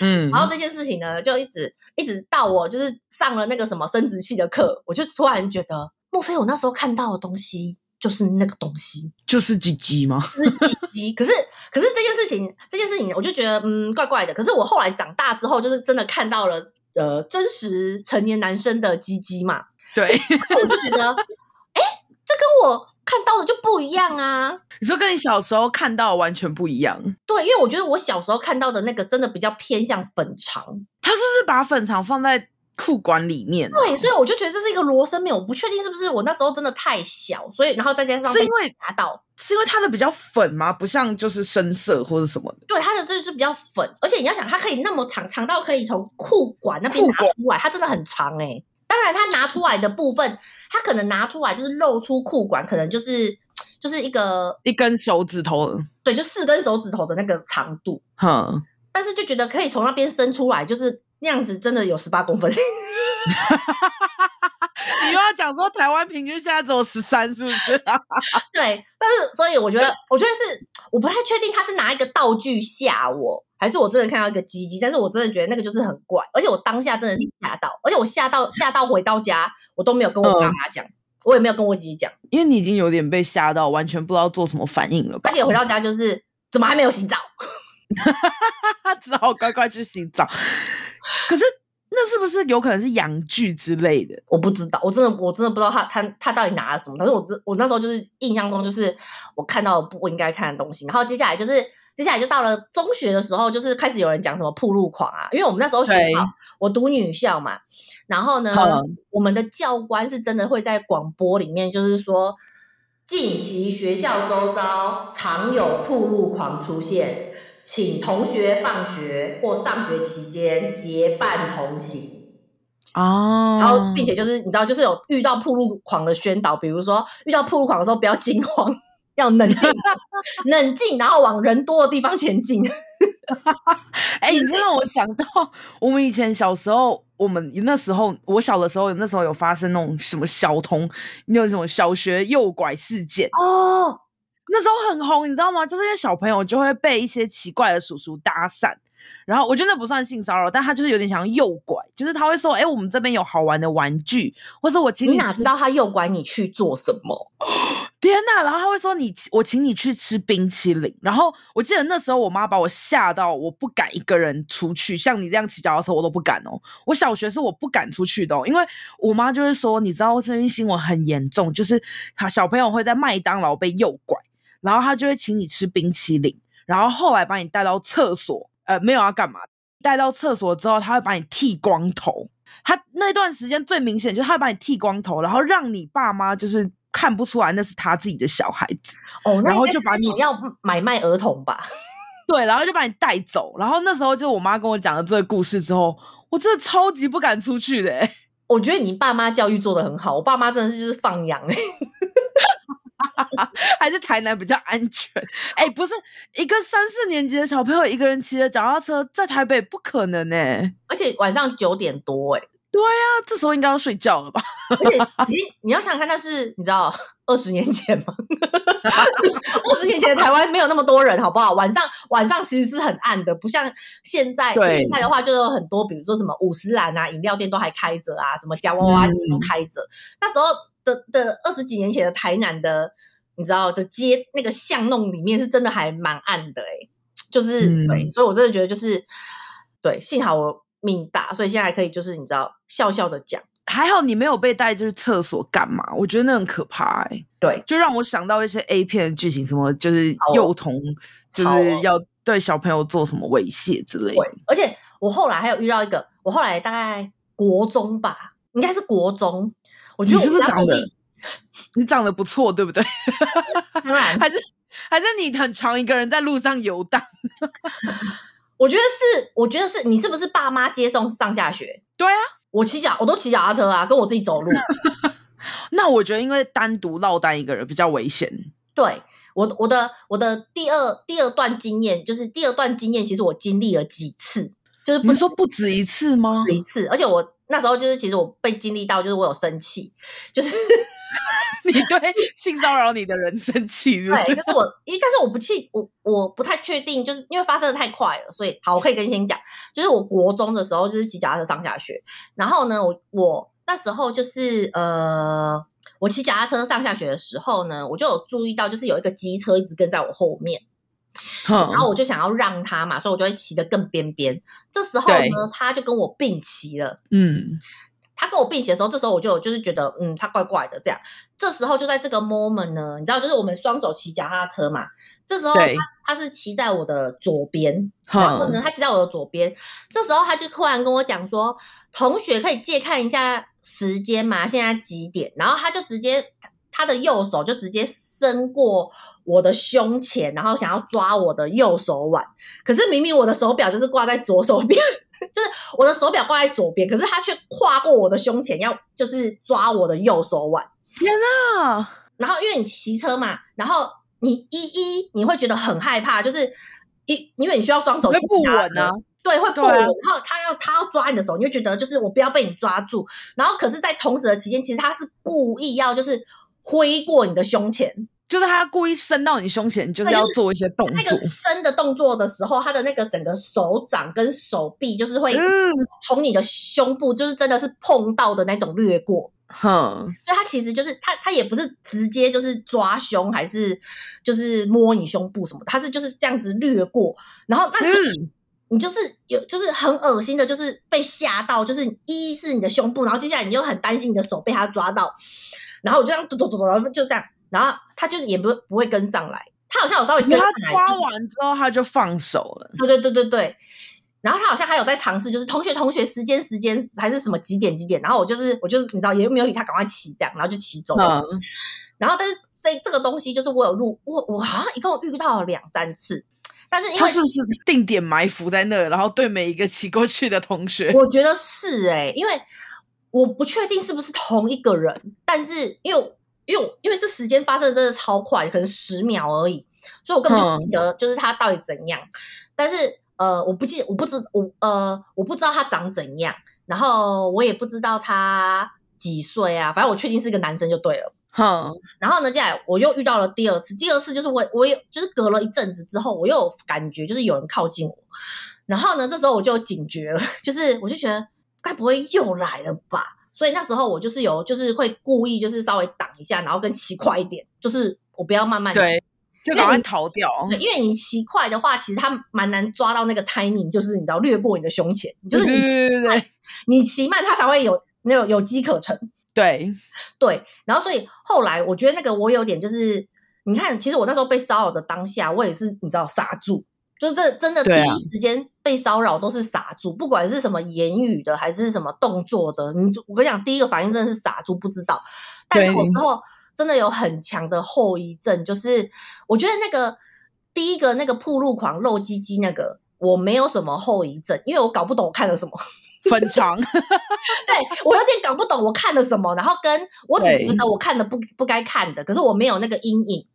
嗯，oh, 然後這件事情呢，嗯、就一直一直到我就是上了那個什麼生殖器的課，我就突然覺得，莫非我那時候看到的東西就是那個東西，就是雞雞嗎？是雞雞。可是可是這件事情，這件事情，我就覺得嗯，怪怪的。可是我後來長大之後，就是真的看到了呃真實成年男生的雞雞嘛，對，然後我就覺得哎， [laughs] 這跟我看到的就不一樣啊！你說跟你小時候看到的完全不一樣。對，因為我覺得我小時候看到的那個真的比較偏向粉腸。他是不是把粉腸放在褲管裡面？對，所以我就覺得這是一個羅生門。我不確定是不是我那時候真的太小，所以然後再加上是因為拿到，是因為它的比較粉嗎？不像就是深色或者什麼的。對，它的這就是比較粉，而且你要想，它可以那麼長，長到可以從褲管那邊拿出來，褲管。它真的很長哎、欸。當然，他拿出來的部分，他可能拿出來就是露出褲管，可能就是就是一個一根手指頭，對，就四根手指頭的那個長度。嗯，但是就覺得可以從那邊伸出來，就是那樣子，真的有十八公分。 [laughs] [laughs] [laughs] 你又要講說台灣平均現在只有十三，是不是、啊？ [laughs] 對，但是所以我覺得，我覺得是我不太確定他是拿一個道具嚇我，還是我真的看到一個雞雞。但是我真的覺得那個就是很怪，而且我當下真的是嚇到，而且我嚇到嚇到回到家， [laughs] 我都沒有跟我爸媽講，嗯、我也沒有跟我姐姐講，因為你已經有點被嚇到，完全不知道做什麼反應了吧。而且回到家就是怎麼還沒有洗澡， [laughs] [laughs] 只好乖乖去洗澡。可是那是不是有可能是陽具之類的？我不知道，我真的我真的不知道他他他到底拿了什麼。但是我我那時候就是印象中就是我看到不應該看的東西。然後接下來就是接下來就到了中學的時候，就是開始有人講什麼暴露狂啊，因為我們那時候學校，對我讀女校嘛，然後呢，嗯、我們的教官是真的會在廣播裡面就是說，近期學校周遭常有暴露狂出現。請同學放學或上學期間結伴同行哦，oh. 然後並且就是你知道，就是有遇到暴露狂的宣導，比如說遇到暴露狂的時候不要驚慌，要冷靜 [laughs] 冷靜，然後往人多的地方前進。哎，你就讓我想到我們以前小時候，我們那時候我小的時候，那時候有發生那種什麼小童那種什麼小學誘拐事件哦。Oh. 那時候很紅，你知道嗎？就是那些小朋友就會被一些奇怪的叔叔搭訕，然後我覺得那不算性騷擾，但他就是有點想要誘拐，就是他會說：“哎、欸，我們這邊有好玩的玩具，或者我請你。”你哪知道他誘拐你去做什麼？天哪！然後他會說你：“你，我請你去吃冰淇淋。”然後我記得那時候我媽把我嚇到，我不敢一個人出去。像你這樣騎腳踏車，我都不敢哦、喔。我小學是我不敢出去的、喔，因為我媽就是說，你知道我這新聞很嚴重，就是小朋友會在麥當勞被誘拐。然後他就會請你吃冰淇淋，然後後來把你帶到廁所，呃，沒有要幹嘛？帶到廁所之後，他會把你剃光頭。他那段時間最明顯就是他會把你剃光頭，然後讓你爸媽就是看不出來那是他自己的小孩子。哦，那應該是，然後就把你,你要買賣兒童吧？對，然後就把你帶走。然後那時候就我媽跟我講了這個故事之後，我真的超級不敢出去嘞、欸。我覺得你爸媽教育做得很好，我爸媽真的是就是放養欸。 [laughs] 還是台南比較安全。哎、欸，不是一個三四年級的小朋友一個人騎着腳踏車，在台北不可能呢、欸。而且晚上九點多、欸，哎，對呀、啊，這時候應該要睡覺了吧？ [laughs] 而且你你要想看，那是你知道二十年前嗎？二 [laughs] 十年前的台灣沒有那麼多人，好不好？晚上晚上其實是很暗的，不像現在。對現在的話，就有很多，比如說什麼五十嵐啊，飲料店都還開着啊，什麼夾娃娃機都開着。嗯、那時候的的二十幾年前的台南的。你知道的街那個巷弄裡面是真的還蠻暗的哎、欸，就是、嗯、對，所以我真的覺得就是對，幸好我命大，所以現在還可以就是你知道笑笑的講，還好你沒有被帶進去廁所幹嘛，我覺得那很可怕哎、欸，對，就讓我想到一些 A 片劇情，什麼就是幼童就是要對小朋友做什麼猥褻之類的、哦哦，而且我後來還有遇到一個，我後來大概國中吧，應該是國中，我覺得我你是不是長得？你長得不錯，對不對？還是還是你很常一個人在路上遊蕩？我覺得是，我覺得是，你是不是爸媽接送上下學？對啊，我騎腳，我都騎腳踏車啊，跟我自己走路。 [laughs] 那我覺得，因為單獨落單一個人比較危險。 [laughs] 對我，我的我的第二第二段經驗，就是第二段經驗，其實我經歷了幾次，就是你們說不止一次嗎？一次，而且我那時候就是，其實我被經歷到，就是我有生氣，就是。 [laughs] [laughs] 你對性騷擾你的人生氣是？ [laughs] 對，但是我，因為但是我不氣我，我不太確定，就是因為發生的太快了，所以好，我可以跟你先講，就是我國中的時候，就是騎腳踏車上下學，然後呢，我我那時候就是呃，我騎腳踏車上下學的時候呢，我就有注意到，就是有一個機車一直跟在我後面，哦、然後我就想要讓他嘛，所以我就會騎得更邊邊，這時候呢，對他就跟我併騎了，嗯。他跟我並行的時候，這時候我就我就是覺得，嗯，他怪怪的這樣。這時候就在這個 moment 呢，你知道，就是我們雙手騎腳踏車嘛。這時候他，對他是騎在我的左邊，Huh. 然後呢，他騎在我的左邊。這時候他就突然跟我講說：“同學，可以借看一下時間嗎？現在幾點？”然後他就直接他的右手就直接伸過我的胸前，然後想要抓我的右手腕。可是明明我的手表就是掛在左手邊。 [laughs] 就是我的手錶掛在左邊，可是他卻跨過我的胸前，要就是抓我的右手腕。天哪！然後因為你騎車嘛，然後你一一你會覺得很害怕，就是一因為你需要雙手去，會不穩呢、啊。對，會不穩。然後、啊、他，他要他要抓你的手，你會覺得就是我不要被你抓住。然後可是，在同時的期間，其實他是故意要就是揮過你的胸前。就是他故意伸到你胸前，對就是要做一些動作。那個伸的動作的時候，他的那個整個手掌跟手臂就是會從你的胸部，就是真的是碰到的那種掠過。哼、嗯，所以他其實就是他，他也不是直接就是抓胸，還是就是摸你胸部什麼的，他是就是這樣子掠過。然後那，是、嗯、你就是有，就是很惡心的，就是被嚇到，就是一是你的胸部，然後接下來你就很擔心你的手被他抓到，然後我就這樣，嘟嘟，嘟嘟，就這樣。然後他就是也不不會跟上來，他好像有稍微跟上來。他刮完之後他就放手了。對對對對對。然後他好像還有在嘗試，就是同學同學時間時間還是什麼幾點幾點。然後我就是我就是你知道，也沒有理他，趕快騎這樣，然後就騎走了。嗯、然後但是這這個東西就是我有錄我我好像一共遇到了兩三次，但是因為他是不是定點埋伏在那，然後對每一個騎過去的同學，我覺得是哎、欸，因為我不確定是不是同一個人，但是因為。因為因為這時間發生的真的超快，可能十秒而已，所以我根本就不記得就是他到底怎樣。嗯、但是呃，我不記，我不知，我呃，我不知道他長怎樣，然後我也不知道他幾歲啊，反正我確定是個男生就對了。好，嗯、然後呢，接下來我又遇到了第二次，第二次就是我我就是隔了一陣子之後，我又有感覺就是有人靠近我，然後呢，這時候我就警覺了，就是我就覺得該不會又來了吧？所以那時候我就是有，就是會故意就是稍微擋一下，然後更騎快一點，就是我不要慢慢騎，就容易逃掉。因為你騎快的話，其實它蠻難抓到那個 timing，就是你知道掠過你的胸前，就是你你騎慢，它才會有那種有機可乘。對對，然後所以後來我覺得那個我有點就是，你看，其實我那時候被騷擾的當下，我也是你知道剎住。就這真的第一時間被騷擾都是傻住，不管是什麼言語的還是什麼動作的，你我跟你講，第一個反應真的是傻住不知道，但是我之後真的有很強的後遺症，就是我覺得那個第一個那個暴露狂露雞雞那個。我沒有什麼後遺症，因為我搞不懂我看了什麼粉腸分長， [laughs] 對我有點搞不懂我看了什麼， [laughs] 然後跟我只覺得，我看了不不該看的，可是我沒有那個陰影，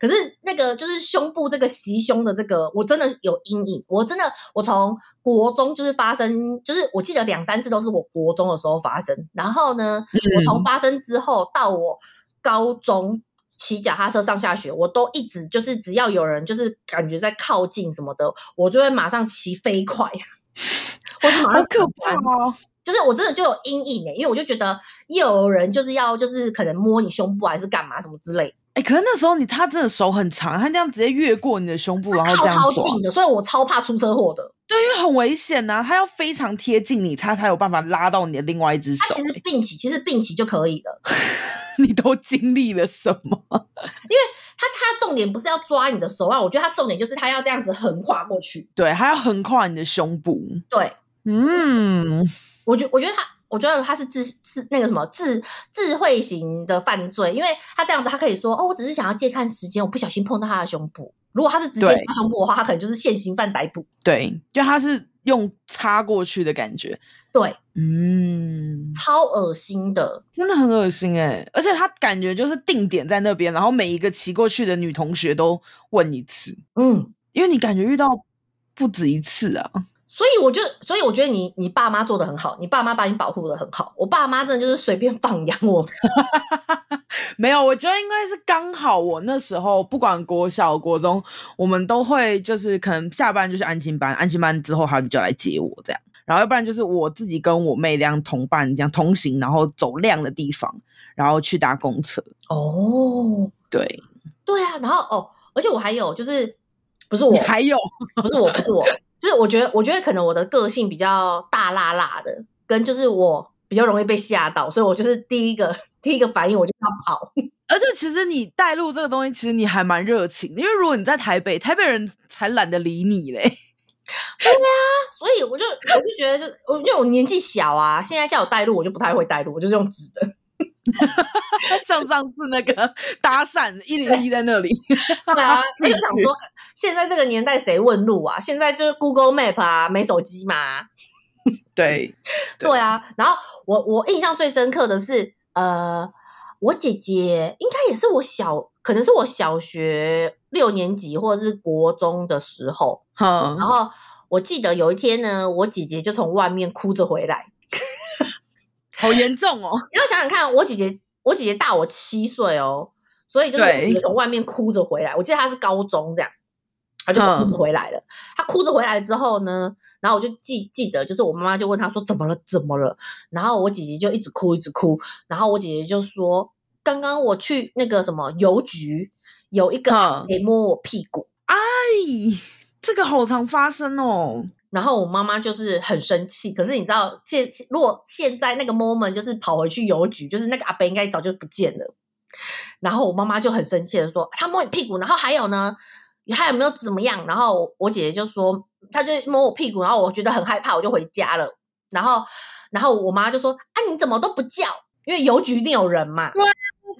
可是那個就是胸部這個襲胸的這個，我真的有陰影，我真的我從國中就是發生，就是我記得兩三次都是我國中的時候發生，然後呢，嗯、我從發生之後到我高中。騎腳踏車上下學，我都一直就是，只要有人就是感覺在靠近什麼的，我就會馬上騎飛快。好可怕哦！ [laughs] 就是我真的就有陰影哎、欸，因為我就覺得有人就是要就是可能摸你胸部還是幹嘛什麼之類。哎、欸，可是那時候你他真的手很長，他這樣直接越過你的胸部，然後這樣子。靠超近的，所以我超怕出車禍的。對，因為很危險吶、啊，他要非常貼近你，他才有辦法拉到你的另外一隻手、欸。其實並起，其實並起就可以了。 [laughs] 你都經歷了什麼？因為他他重點不是要抓你的手腕、啊，我覺得他重點就是他要這樣子橫跨過去。對，他要橫跨你的胸部。對，嗯，我覺我覺得他，我覺得他是智智那個什麼智智慧型的犯罪，因為他這樣子，他可以說哦，我只是想要借看時間，我不小心碰到他的胸部。如果他是直接抓捕的話，對，他可能就是現行犯逮捕。對，因為他是用插過去的感覺。對，嗯，超惡心的，真的很惡心誒，欸，而且他感覺就是定點在那邊，然後每一個騎過去的女同學都問一次。嗯，因為你感覺遇到不止一次啊。所以我就，所以我覺得你你爸媽做的很好，你爸媽把你保護的很好。我爸媽真的就是隨便放養我。 [laughs] 沒有，我覺得應該是剛好。我那時候不管國小國中，我們都會就是可能下班就是安心班，安心班之後他們就來接我這樣。然後要不然就是我自己跟我妹這樣同伴這樣同行，然後走亮的地方，然後去搭公車。哦，對，對啊。然後哦，而且我還有就是，不是我你還有不是我，不是我不是我。就是我覺得，我覺得可能我的個性比較大辣辣的，跟就是我比較容易被嚇到，所以我就是第一個第一個反應我就要跑。而且其實你帶路這個東西，其實你還蠻熱情，因為如果你在台北，台北人才懶得理你嘞。對啊，所以我就我就覺得就，就我因為我年紀小啊，現在叫我帶路，我就不太會帶路，我就是用指的。 [laughs] 像上次那個搭訕一零一在那裡。對， [laughs] 對啊，就、欸、我想說現在這個年代誰問路啊？現在就是 Google Map 啊，沒手機嘛？對對，對啊。然後我我印象最深刻的是，呃，我姐姐應該也是我小，可能是我小學六年級或者是國中的時候，嗯、然後我記得有一天呢，我姐姐就從外面哭着回來。好嚴重哦！你要想想看，我姐姐，我姐姐大我七歲哦，所以就是從外面哭着回來。對我記得她是高中這樣，她就哭回來了。嗯、她哭着回來之後呢，然後我就記記得，就是我媽媽就問她說怎麼了，怎麼了？然後我姐姐就一直哭，一直哭。然後我姐姐就說：“剛剛我去那個什麼郵局，有一個可以摸我屁股。嗯”哎，這個好常發生哦。然後我媽媽就是很生氣，可是你知道，現如果現在那個 moment 就是跑回去郵局，就是那個阿伯應該早就不見了。然後我媽媽就很生氣的說：“他摸你屁股。”然後還有呢，你還有沒有怎麼樣？然後我姐姐就說：“他就摸我屁股。”然後我覺得很害怕，我就回家了。然後，然後我媽就說：“啊，你怎麼都不叫？因為郵局一定有人嘛。對”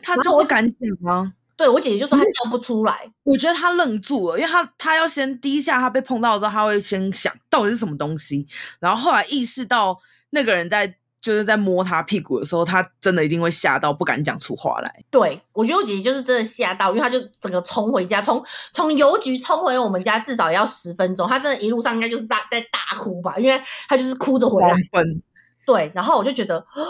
他就會敢講嗎、啊？對，我姐姐就說她跳不出來，嗯、我覺得她愣住了，因為她她要先第一下她被碰到的時候，她會先想到底是什麼東西，然後後來意識到那個人在就是在摸她屁股的時候，她真的一定會嚇到不敢講出話來。對我覺得我姐姐就是真的嚇到，因為她就整個衝回家，從從郵局衝回我們家至少也要十分鐘，她真的一路上應該就是大在大哭吧，因為她就是哭着回來。分對，然後我就覺得，哦，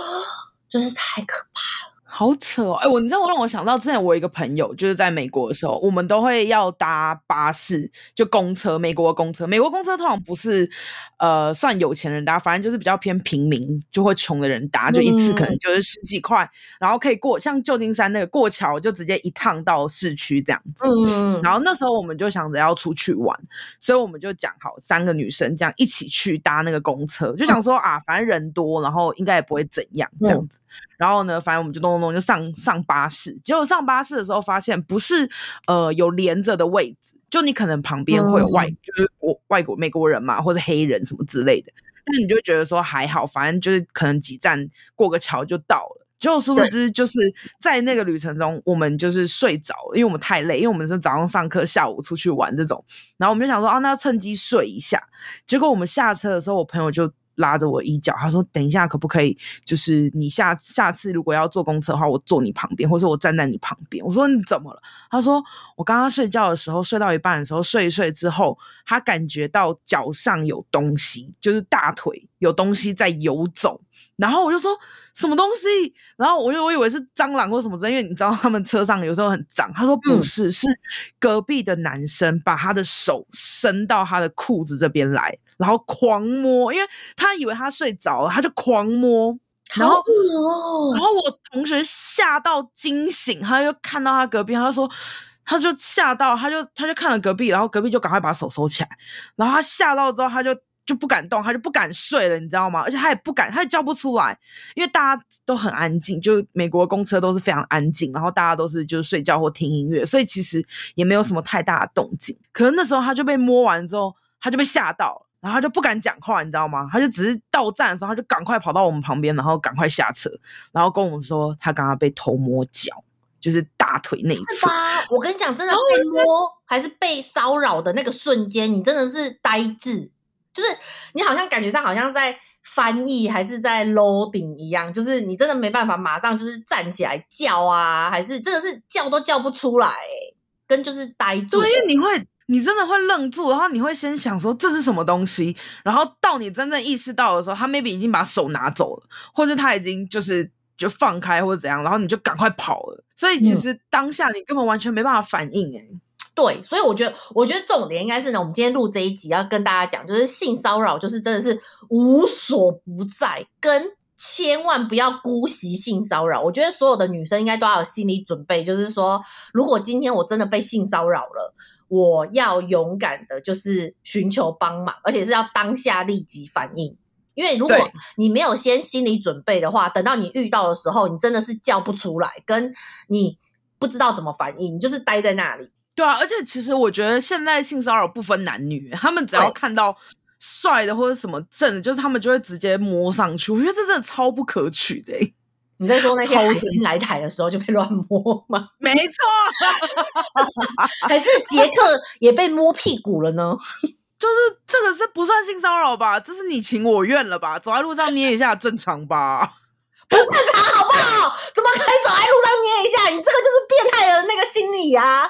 真是太可怕了。好扯哦！哎，我你知道，我讓我想到之前我有一個朋友，就是在美國的時候，我們都會要搭巴士，就公車。美國的公車，美國公車通常不是呃算有錢人搭，反正就是比較偏平民，就會窮的人搭，就一次可能就是十幾塊，嗯，然後可以過像舊金山那個過橋，就直接一趟到市區這樣子。嗯，然後那時候我們就想着要出去玩，所以我們就講好三個女生這樣一起去搭那個公車，就想說啊，反正人多，然後應該也不會怎樣這樣子。嗯。然後呢，反正我們就咚咚咚就上上巴士，結果上巴士的時候發現不是呃有連着的位置，就你可能旁邊會有外嗯嗯就是國外國美國人嘛，或者黑人什麼之類的，那你就覺得說還好，反正就是可能幾站過個橋就到了。結果殊不知就是在那個旅程中，我們就是睡着，對因為我們太累，因為我們是早上上課，下午出去玩這種，然後我們就想說啊，那要趁機睡一下。結果我們下車的時候，我朋友就。拉着我衣角，他說：“等一下，可不可以？就是你下下次如果要坐公車的話，我坐你旁邊，或者我站在你旁邊。”我說：“你怎麼了？”他說：“我剛剛睡覺的時候，睡到一半的時候，睡一睡之後，他感覺到腳上有東西，就是大腿有東西在遊走。然後我就說：‘什麼東西？’然後我就我以為是蟑螂或什麼，因為你知道他們車上有時候很髒。他說不是，嗯、是隔壁的男生把他的手伸到他的褲子這邊來。”然後狂摸，因為他以為他睡着了，他就狂摸。然後，哦、然後我同學嚇到驚醒，他就看到他隔壁，他就說，他就嚇到，他就他就看了隔壁，然後隔壁就趕快把手收起來。然後他嚇到之後，他就就不敢動，他就不敢睡了，你知道嗎？而且他也不敢，他也叫不出來，因為大家都很安靜，就美國公車都是非常安靜，然後大家都是就是睡覺或聽音樂，所以其實也沒有什麼太大的動靜。嗯、可能那時候他就被摸完之後，他就被嚇到了。然後他就不敢講話，你知道嗎？他就只是到站的時候，他就趕快跑到我們旁邊，然後趕快下車，然後跟我們說他剛剛被偷摸腳，就是大腿內側。是吧？我跟你講，真的被摸還是被騷擾的那個瞬間，你真的是呆滯，就是你好像感覺上好像在翻譯還是在 loading 一樣，就是你真的沒辦法馬上就是站起來叫啊，還是真的是叫都叫不出來，跟就是呆住。對，因為你會。你真的會愣住，然後你會先想說這是什麼東西，然後到你真正意識到的時候，他 maybe 已經把手拿走了，或是他已經就是就放開或者怎樣，然後你就趕快跑了。所以其實當下你根本完全沒辦法反應，哎、嗯，對。所以我覺得，我覺得重點應該是呢，我們今天錄這一集要跟大家講，就是性騷擾就是真的是無所不在，跟千萬不要姑息性騷擾。我覺得所有的女生應該都要有心理準備，就是說，如果今天我真的被性騷擾了，我要勇敢的，就是尋求幫忙，而且是要當下立即反應，因為如果你沒有先心理準備的話，對等到你遇到的時候，你真的是叫不出來，跟你不知道怎麼反應，你就是待在那裡。對啊，而且其實我覺得現在性騷擾不分男女，他們只要看到帥的或者什麼正的，欸、就是他們就會直接摸上去，我覺得這真的超不可取的、欸。你在說那些偷星來台的時候就被亂摸嗎？沒錯，可 [laughs] 是傑克也被摸屁股了呢。就是這個是不算性騷擾吧？這是你情我願了吧？走在路上捏一下正常吧？不正常，好不好？怎麼可以走在路上捏一下？你這個就是變態的那個心理啊！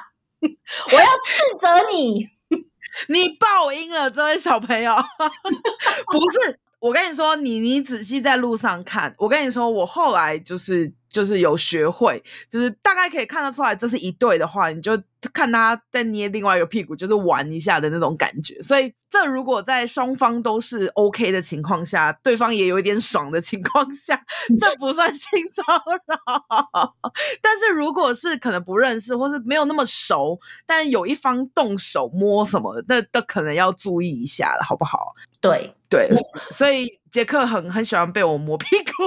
我要斥責你，你報應了，這位小朋友，不是。我跟你說，你你仔細在路上看。我跟你說，我後來就是。就是有學會，就是大概可以看得出來，這是一對的話，你就看他在捏另外一個屁股，就是玩一下的那種感覺。所以，這如果在雙方都是 OK 的情況下，對方也有一點爽的情況下，這不算性騷擾。 [laughs] 但是，如果是可能不認識或是沒有那麼熟，但有一方動手摸什麼的，那都可能要注意一下了，好不好？對對，對我 所以。傑克很很喜歡被我摸屁股。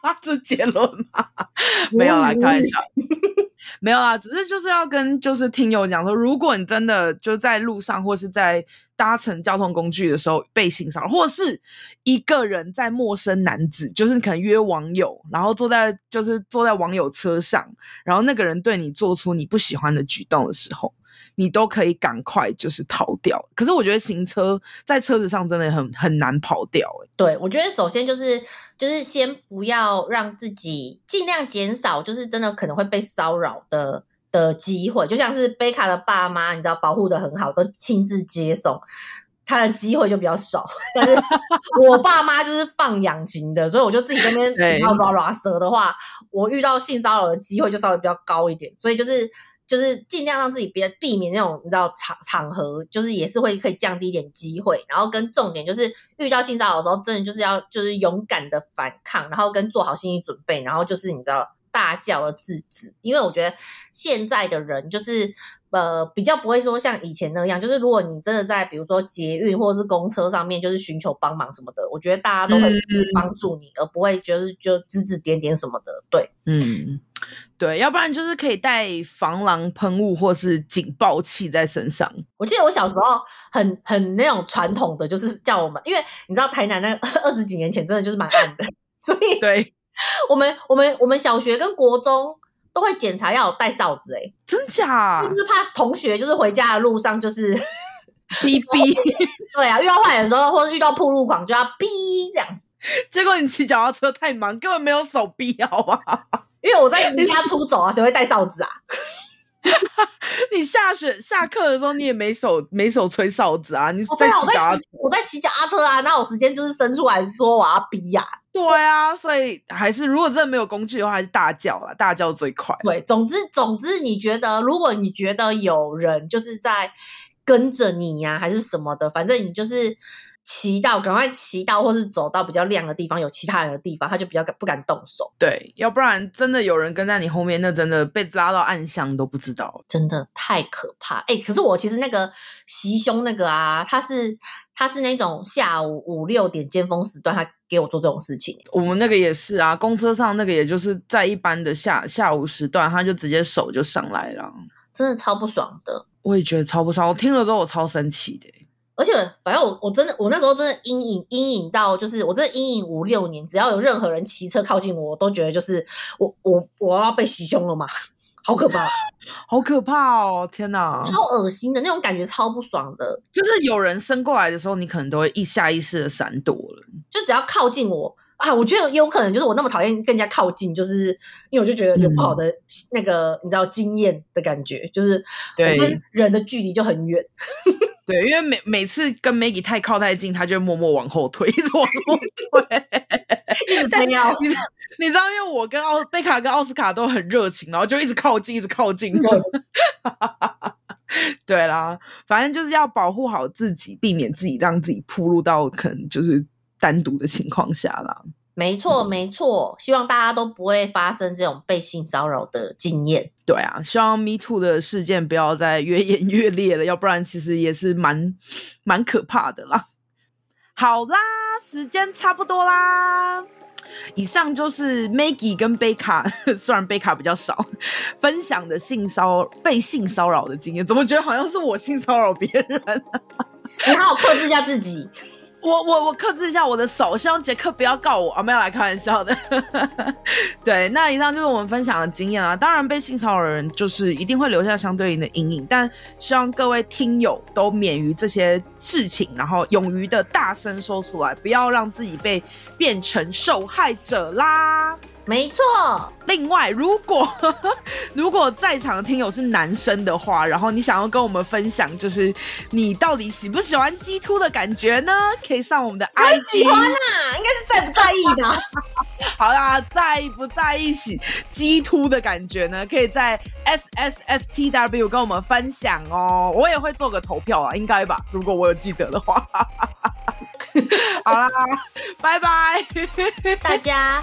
啊，這結論哈哈，沒有啦，哦、開玩笑， [laughs] 沒有啦，只是就是要跟就是聽友講說，如果你真的就在路上或是在搭乘交通工具的時候被性騷擾，或是一個人在陌生男子就是你可能約網友，然後坐在就是坐在網友車上，然後那個人對你做出你不喜歡的舉動的時候。你都可以趕快就是逃掉，可是我覺得行車在車子上真的很很難跑掉，欸。哎，對，我覺得首先就是就是先不要讓自己盡量減少，就是真的可能會被騷擾的的機會。就像是貝卡的爸媽，你知道保護得很好，都親自接送他的機會就比較少。但是我爸媽就是放養型的， [laughs] 所以我就自己這邊 [laughs] 要拉拉蛇的話，我遇到性騷擾的機會就稍微比較高一點。所以就是。就是儘量讓自己別避免那種，你知道場場合，就是也是會可以降低一點機會。然後跟重點就是遇到性騷擾的時候，真的就是要就是勇敢的反抗，然後跟做好心理準備，然後就是你知道大叫而制止。因為我覺得現在的人就是呃比較不會說像以前那樣，就是如果你真的在比如說捷運或者是公車上面就是尋求幫忙什麼的，我覺得大家都會幫助你，嗯嗯，而不會就是就指指點點什麼的。對，嗯。對，要不然就是可以帶防狼噴霧或是警報器在身上。我記得我小時候很很那種傳統的，就是叫我們，因為你知道台南那二十幾年前真的就是蠻暗的， [laughs] 所以對，我們我們我們小學跟國中都會檢查要帶哨子、欸，哎，真假？就是怕同學就是回家的路上就是逼逼？ [laughs] 對啊，遇到壞人的時候， [laughs] 或者遇到暴露狂就要逼這樣子。結果你騎腳踏車太忙，根本沒有手臂，好不好？因為我在離家出走啊，誰你是 會帶哨子啊？ [laughs] 你下學下課的時候，你也沒手沒手吹哨子啊？你在騎車啊？哦、我在騎我在騎腳踏車啊，那我時間就是伸出來說我要逼啊！對啊，所以還是如果真的沒有工具的話，還是大叫啦，大叫最快。對，總之、總之，你覺得如果你覺得有人就是在跟着你呀，啊，還是什麼的，反正你就是。騎到，趕快騎到，或是走到比較亮的地方，有其他人的地方，他就比較不敢動手。對，要不然真的有人跟在你後面，那真的被拉到暗巷都不知道，真的太可怕。哎、欸，可是我其實那個襲胸那個啊，他是他是那種下午五六點尖峰時段，他給我做這種事情。我們那個也是啊，公車上那個，也就是在一般的下下午時段，他就直接手就上來了，真的超不爽的。我也覺得超不爽，我聽了之後我超生氣的、欸。而且，反正我我真的我那時候真的陰影陰影到，就是我真的陰影五六年。只要有任何人騎車靠近我，我都覺得就是我我我要被襲胸了嘛，好可怕，好可怕哦！天哪，超噁心的那種感覺，超不爽的。就是有人伸過來的時候，你可能都會一下意識的閃躲了。就只要靠近我啊，我覺得也有可能就是我那麼討厭跟人家靠近，就是因為我就覺得有不好的那個、嗯、你知道經驗的感覺，就是我跟人的距離就很遠。對，因為每每次跟 Maggie 太靠太近，他就默默往後退，一直往後退。 [laughs] 是你知道，你知道，因為我跟奧貝卡跟奧斯卡都很熱情，然後就一直靠近，一直靠近。 [laughs] 嗯、 [laughs] 對啦，反正就是要保護好自己，避免自己讓自己暴露到可能就是單獨的情況下啦。沒錯，沒錯，希望大家都不會發生這種被性騷擾的經驗。對啊，希望 Me Too 的事件不要再越演越烈了，要不然其實也是蠻蠻可怕的啦。好啦，時間差不多啦，以上就是 Maggie 跟貝卡，雖然貝卡比較少分享的性騷被性騷擾的經驗，怎麼覺得好像是我性騷擾別人？我你好好克制一下自己。 [laughs] 我我我克制一下我的手，希望傑克不要告我啊！沒有來開玩笑的。 [laughs] 對。那以上就是我們分享的經驗啦。啊，當然被性騷擾的人就是一定會留下相對應的陰影，但希望各位聽友都免於這些事情，然後勇於的大聲說出來，不要讓自己被變成受害者啦。沒錯，另外，如果呵呵如果在場的聽友是男生的話，然後你想要跟我們分享，就是你到底喜不喜歡激凸的感覺呢？可以上我們的 IG 喜歡吶，應該是在不在意的、啊。 [laughs] 好啦，在不在意喜激凸的感覺呢？可以在 S S S T W 跟我們分享哦，我也會做個投票啊，應該吧？如果我有記得的話。 [laughs] 好啦， [laughs] 拜拜，大家。